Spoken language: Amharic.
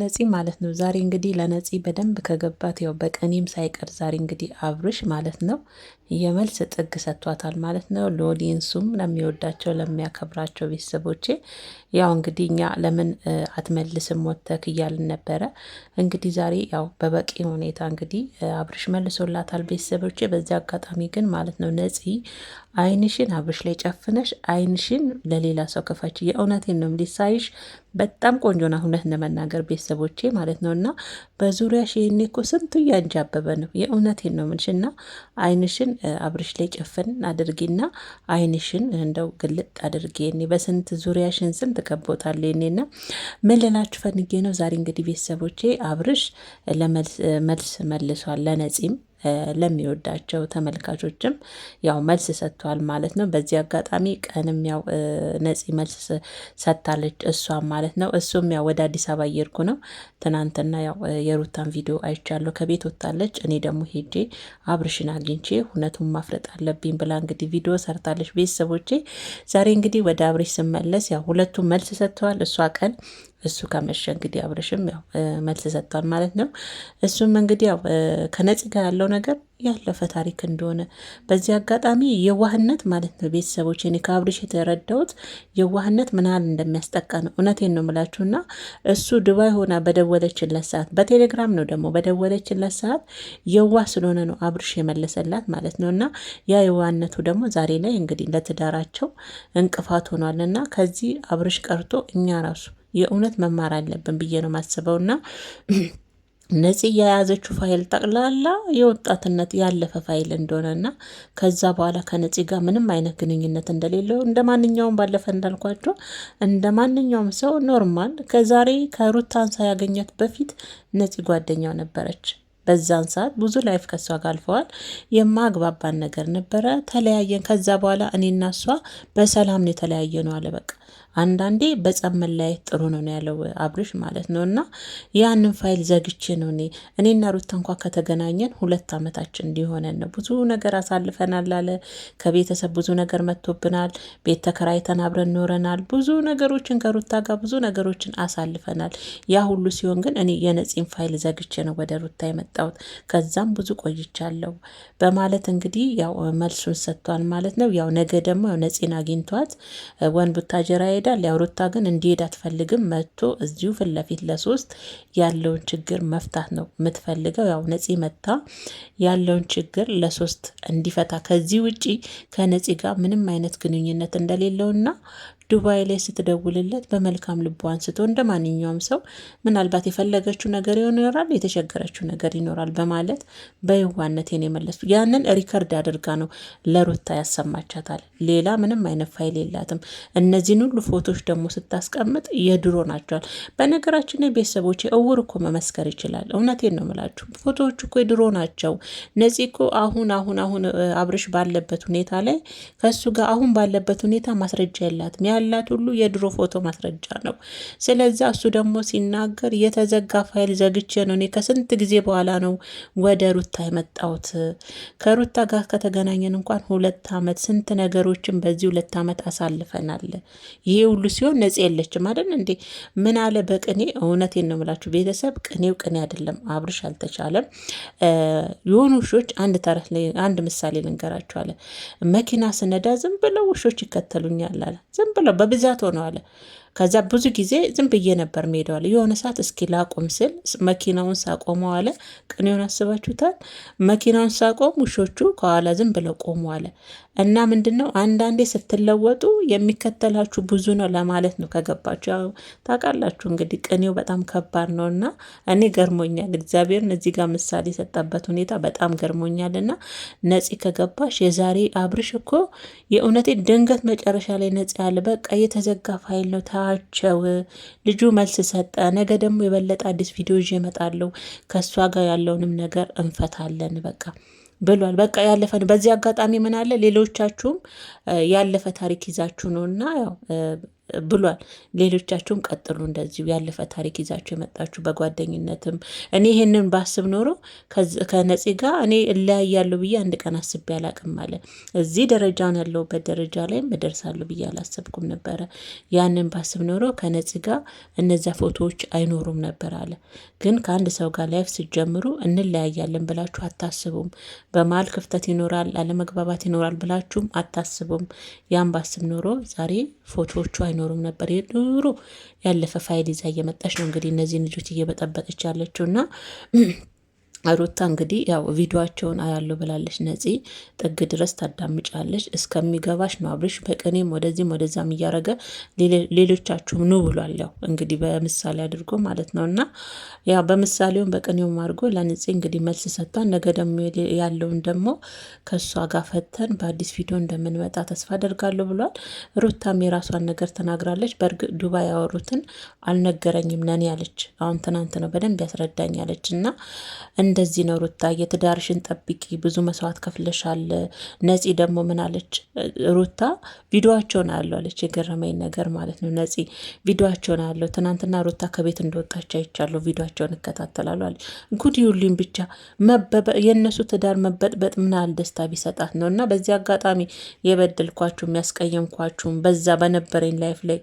ነፂ ማለት ነው። ዛሬ እንግዲህ ለነፂ በደንብ ከገባት ያው በቀኔም ሳይቀር ዛሬ እንግዲህ አብርሽ ማለት ነው የመልስ ጥግ ሰጥቷታል ማለት ነው። ሎሊንሱም ለሚወዳቸው ለሚያከብራቸው ቤተሰቦቼ ያው እንግዲህ እኛ ለምን አትመልስም ወተክ እያልን ነበረ። እንግዲህ ዛሬ ያው በበቂ ሁኔታ እንግዲህ አብርሽ መልሶላታል ቤተሰቦቼ። በዚህ አጋጣሚ ግን ማለት ነው ነፂ አይንሽን አብርሽ ላይ ጨፍነሽ አይንሽን ለሌላ ሰው ክፈች። የእውነቴን ነው ሊሳይሽ በጣም ቆንጆ ነው። እውነት ለመናገር ቤተሰቦቼ ማለት ነው እና በዙሪያሽ ይህኔ እኮ ስንቱ እያንጃበበ ነው። የእውነቴን ነው የምልሽ እና አይንሽን አብርሽ ላይ ጨፍን አድርጊና አይንሽን እንደው ግልጥ አድርጊ። ኔ በስንት ዙሪያሽን ስንት ከቦታል። ኔና ምን ልላችሁ ፈልጌ ነው ዛሬ እንግዲህ ቤተሰቦቼ አብርሽ ለመልስ መልሷል ለነፂም ለሚወዳቸው ተመልካቾችም ያው መልስ ሰጥቷል ማለት ነው። በዚህ አጋጣሚ ቀንም ያው ነፂ መልስ ሰጥታለች እሷም ማለት ነው። እሱም ያው ወደ አዲስ አበባ እየርኩ ነው። ትናንትና ያው የሩታን ቪዲዮ አይቻለሁ። ከቤት ወጥታለች። እኔ ደግሞ ሄጄ አብርሽን አግኝቼ እውነቱን ማፍረጥ አለብኝ ብላ እንግዲህ ቪዲዮ ሰርታለች። ቤተሰቦቼ ዛሬ እንግዲህ ወደ አብርሽ ስመለስ ያው ሁለቱም መልስ ሰጥተዋል። እሷ ቀን እሱ ከመሸ እንግዲህ አብርሽም ያው መልስ ሰጥቷል ማለት ነው። እሱም እንግዲህ ያው ከነፂ ጋር ያለው ነገር ያለፈ ታሪክ እንደሆነ በዚህ አጋጣሚ የዋህነት ማለት ነው ቤተሰቦች፣ እኔ ከአብርሽ የተረዳሁት የዋህነት ምናል እንደሚያስጠቃ ነው። እውነቴን ነው ምላችሁና እሱ ዱባይ ሆና በደወለችለት ሰዓት በቴሌግራም ነው ደግሞ በደወለችለት ሰዓት የዋህ ስለሆነ ነው አብርሽ የመለሰላት ማለት ነው። እና ያ የዋህነቱ ደግሞ ዛሬ ላይ እንግዲህ ለትዳራቸው እንቅፋት ሆኗልና ከዚህ አብርሽ ቀርቶ እኛ ራሱ የእውነት መማር አለብን ብዬ ነው የማስበው እና ነፂ የያዘችው ፋይል ጠቅላላ የወጣትነት ያለፈ ፋይል እንደሆነና ከዛ በኋላ ከነፂ ጋር ምንም አይነት ግንኙነት እንደሌለው እንደ ማንኛውም ባለፈ እንዳልኳቸው እንደ ማንኛውም ሰው ኖርማል ከዛሬ ከሩታን ሳያገኛት በፊት ነፂ ጓደኛው ነበረች። በዛን ሰዓት ብዙ ላይፍ ከሷ ጋር አልፈዋል። የማግባባን ነገር ነበረ፣ ተለያየን። ከዛ በኋላ እኔና እሷ በሰላም ነው የተለያየ ነው አለ በቃ አንዳንዴ በጸብ መለያየት ጥሩ ነው ያለው አብርሽ ማለት ነው። እና ያንን ፋይል ዘግቼ ነው እኔ እኔና ሩታ እንኳ ከተገናኘን ሁለት ዓመታችን እንዲሆነን ነው። ብዙ ነገር አሳልፈናል አለ። ከቤተሰብ ብዙ ነገር መጥቶብናል። ቤት ተከራይተን አብረን ኖረናል። ብዙ ነገሮችን ከሩታ ጋር ብዙ ነገሮችን አሳልፈናል። ያ ሁሉ ሲሆን ግን እኔ የነፂን ፋይል ዘግቼ ነው ወደ ሩታ የመጣሁት። ከዛም ብዙ ቆይቻለሁ በማለት እንግዲህ ያው መልሱን ሰጥቷል ማለት ነው። ያው ነገ ደግሞ ያው ነፂን አግኝቷት ወን ቡታጀራ ይሄዳል። ያው ሩታ ግን እንዲሄድ አትፈልግም። መጥቶ እዚሁ ፊት ለፊት ለሶስት ያለውን ችግር መፍታት ነው የምትፈልገው። ያው ነፂ መታ ያለውን ችግር ለሶስት እንዲፈታ ከዚህ ውጪ ከነፂ ጋር ምንም አይነት ግንኙነት እንደሌለውና ዱባይ ላይ ስትደውልለት በመልካም ልቦ አንስቶ እንደ ማንኛውም ሰው ምናልባት የፈለገችው ነገር ይኖራል፣ የተቸገረችው ነገር ይኖራል በማለት በየዋህነቴን የመለሱ ያንን ሪከርድ አድርጋ ነው ለሩታ ያሰማቻታል። ሌላ ምንም አይነት ፋይል የላትም። እነዚህን ሁሉ ፎቶች ደግሞ ስታስቀምጥ የድሮ ናቸዋል። በነገራችን ቤተሰቦች እውር እኮ መመስከር ይችላል። እውነቴን ነው ምላችሁ፣ ፎቶዎች እኮ የድሮ ናቸው። እነዚህ እኮ አሁን አሁን አሁን አብርሽ ባለበት ሁኔታ ላይ ከሱ ጋር አሁን ባለበት ሁኔታ ማስረጃ የላትም። ያላት ሁሉ የድሮ ፎቶ ማስረጃ ነው። ስለዚ እሱ ደግሞ ሲናገር የተዘጋ ፋይል ዘግቼ ነው እኔ ከስንት ጊዜ በኋላ ነው ወደ ሩታ የመጣሁት። ከሩታ ጋር ከተገናኘን እንኳን ሁለት ዓመት ስንት ነገሮችን በዚህ ሁለት ዓመት አሳልፈናል። ይሄ ሁሉ ሲሆን ነጽ የለችም አይደል እንዴ? ምን አለ በቅኔ እውነቴን ነው የምላችሁ ቤተሰብ፣ ቅኔው ቅኔ አይደለም። አብርሽ አልተቻለም። የሆኑ ውሾች አንድ ተረት አንድ ምሳሌ ልንገራችኋለን። መኪና ስነዳ ዝም ብለው ውሾች ይከተሉኛል አለ። ዝም ሆነ በብዛት ሆነ ሆነዋል። ከዛ ብዙ ጊዜ ዝም ብዬ ነበር መሄደዋለ። የሆነ ሰዓት እስኪ ላቆም ስል መኪናውን ሳቆመው አለ። ቅኔውን አስባችሁታል? መኪናውን ሳቆም ውሾቹ ከኋላ ዝም ብለው ቆሙ አለ። እና ምንድን ነው አንዳንዴ ስትለወጡ የሚከተላችሁ ብዙ ነው ለማለት ነው። ከገባችሁ ያው ታውቃላችሁ እንግዲህ ቅኔው በጣም ከባድ ነው እና እኔ ገርሞኛል። እግዚአብሔርን እዚህ ጋር ምሳሌ የሰጠበት ሁኔታ በጣም ገርሞኛል። እና ነፂ ከገባሽ የዛሬ አብርሽ እኮ የእውነቴ ድንገት መጨረሻ ላይ ነፂ ያለ በቃ የተዘጋ ፋይል ነው አላቸው። ልጁ መልስ ሰጠ። ነገ ደግሞ የበለጠ አዲስ ቪዲዮ ይዤ እመጣለሁ። ከእሷ ጋር ያለውንም ነገር እንፈታለን በቃ ብሏል። በቃ ያለፈ ነው። በዚህ አጋጣሚ ምን አለ ሌሎቻችሁም ያለፈ ታሪክ ይዛችሁ ነው እና ያው ብሏል። ሌሎቻችሁም ቀጥሉ እንደዚሁ ያለፈ ታሪክ ይዛችሁ የመጣችሁ በጓደኝነትም እኔ ይህንን ባስብ ኖሮ ከነፂ ጋር እኔ እለያያለሁ ብዬ አንድ ቀን አስቤ አላቅም አለ። እዚህ ደረጃን ያለውበት ደረጃ ላይ እደርሳለሁ ብዬ አላሰብኩም ነበረ። ያንን ባስብ ኖሮ ከነፂ ጋር እነዚያ ፎቶዎች አይኖሩም ነበር አለ። ግን ከአንድ ሰው ጋር ላይፍ ሲጀምሩ እንለያያለን ብላችሁ አታስቡም። በመሀል ክፍተት ይኖራል፣ አለመግባባት ይኖራል ብላችሁም አታስቡም። ያን ባስብ ኖሮ ዛሬ ፎቶዎቹ አይኖሩም አይኖርም ነበር። የድሮ ያለፈ ፋይል ይዛ እየመጣች ነው እንግዲህ እነዚህን ልጆች እየበጠበጠች ያለችው እና ሩታ እንግዲህ ያው ቪዲዮቸውን አያለሁ ብላለች። ነፂ ጥግ ድረስ ታዳምጫለች እስከሚገባሽ ነው። አብርሽ በቅኔም ወደዚህም ወደዛም እያረገ ሌሎቻችሁም ኑ ብሏል። ያው እንግዲህ በምሳሌ አድርጎ ማለት ነው እና ያው በምሳሌውም በቅኔውም አድርጎ ለነፂ እንግዲህ መልስ ሰጥቷል። ነገ ደግሞ ያለውን ደግሞ ከእሷ ጋር ፈተን በአዲስ ቪዲዮ እንደምንመጣ ተስፋ አደርጋለሁ ብሏል። ሩታም የራሷን ነገር ተናግራለች። በእርግጥ ዱባይ ያወሩትን አልነገረኝም ነን ያለች አሁን ትናንት ነው በደንብ ያስረዳኝ ያለች እና እንደዚህ ነው ሩታ፣ የትዳርሽን ጠብቂ፣ ብዙ መስዋዕት ከፍለሻል። ነፂ ደግሞ ምን አለች ሩታ? ቪዲዮቸውን አለው አለች። የገረመኝ ነገር ማለት ነው ነፂ ቪዲዮቸውን አለው። ትናንትና ሩታ ከቤት እንደወጣች አይቻለሁ፣ ቪዲዮቸውን እከታተላለሁ አለች። ጉድ ይሁሉኝ ብቻ የእነሱ ትዳር መበጥበጥ ምን ያህል ደስታ ቢሰጣት ነው። እና በዚህ አጋጣሚ የበደልኳችሁ የሚያስቀየምኳችሁም በዛ በነበረኝ ላይፍ ላይ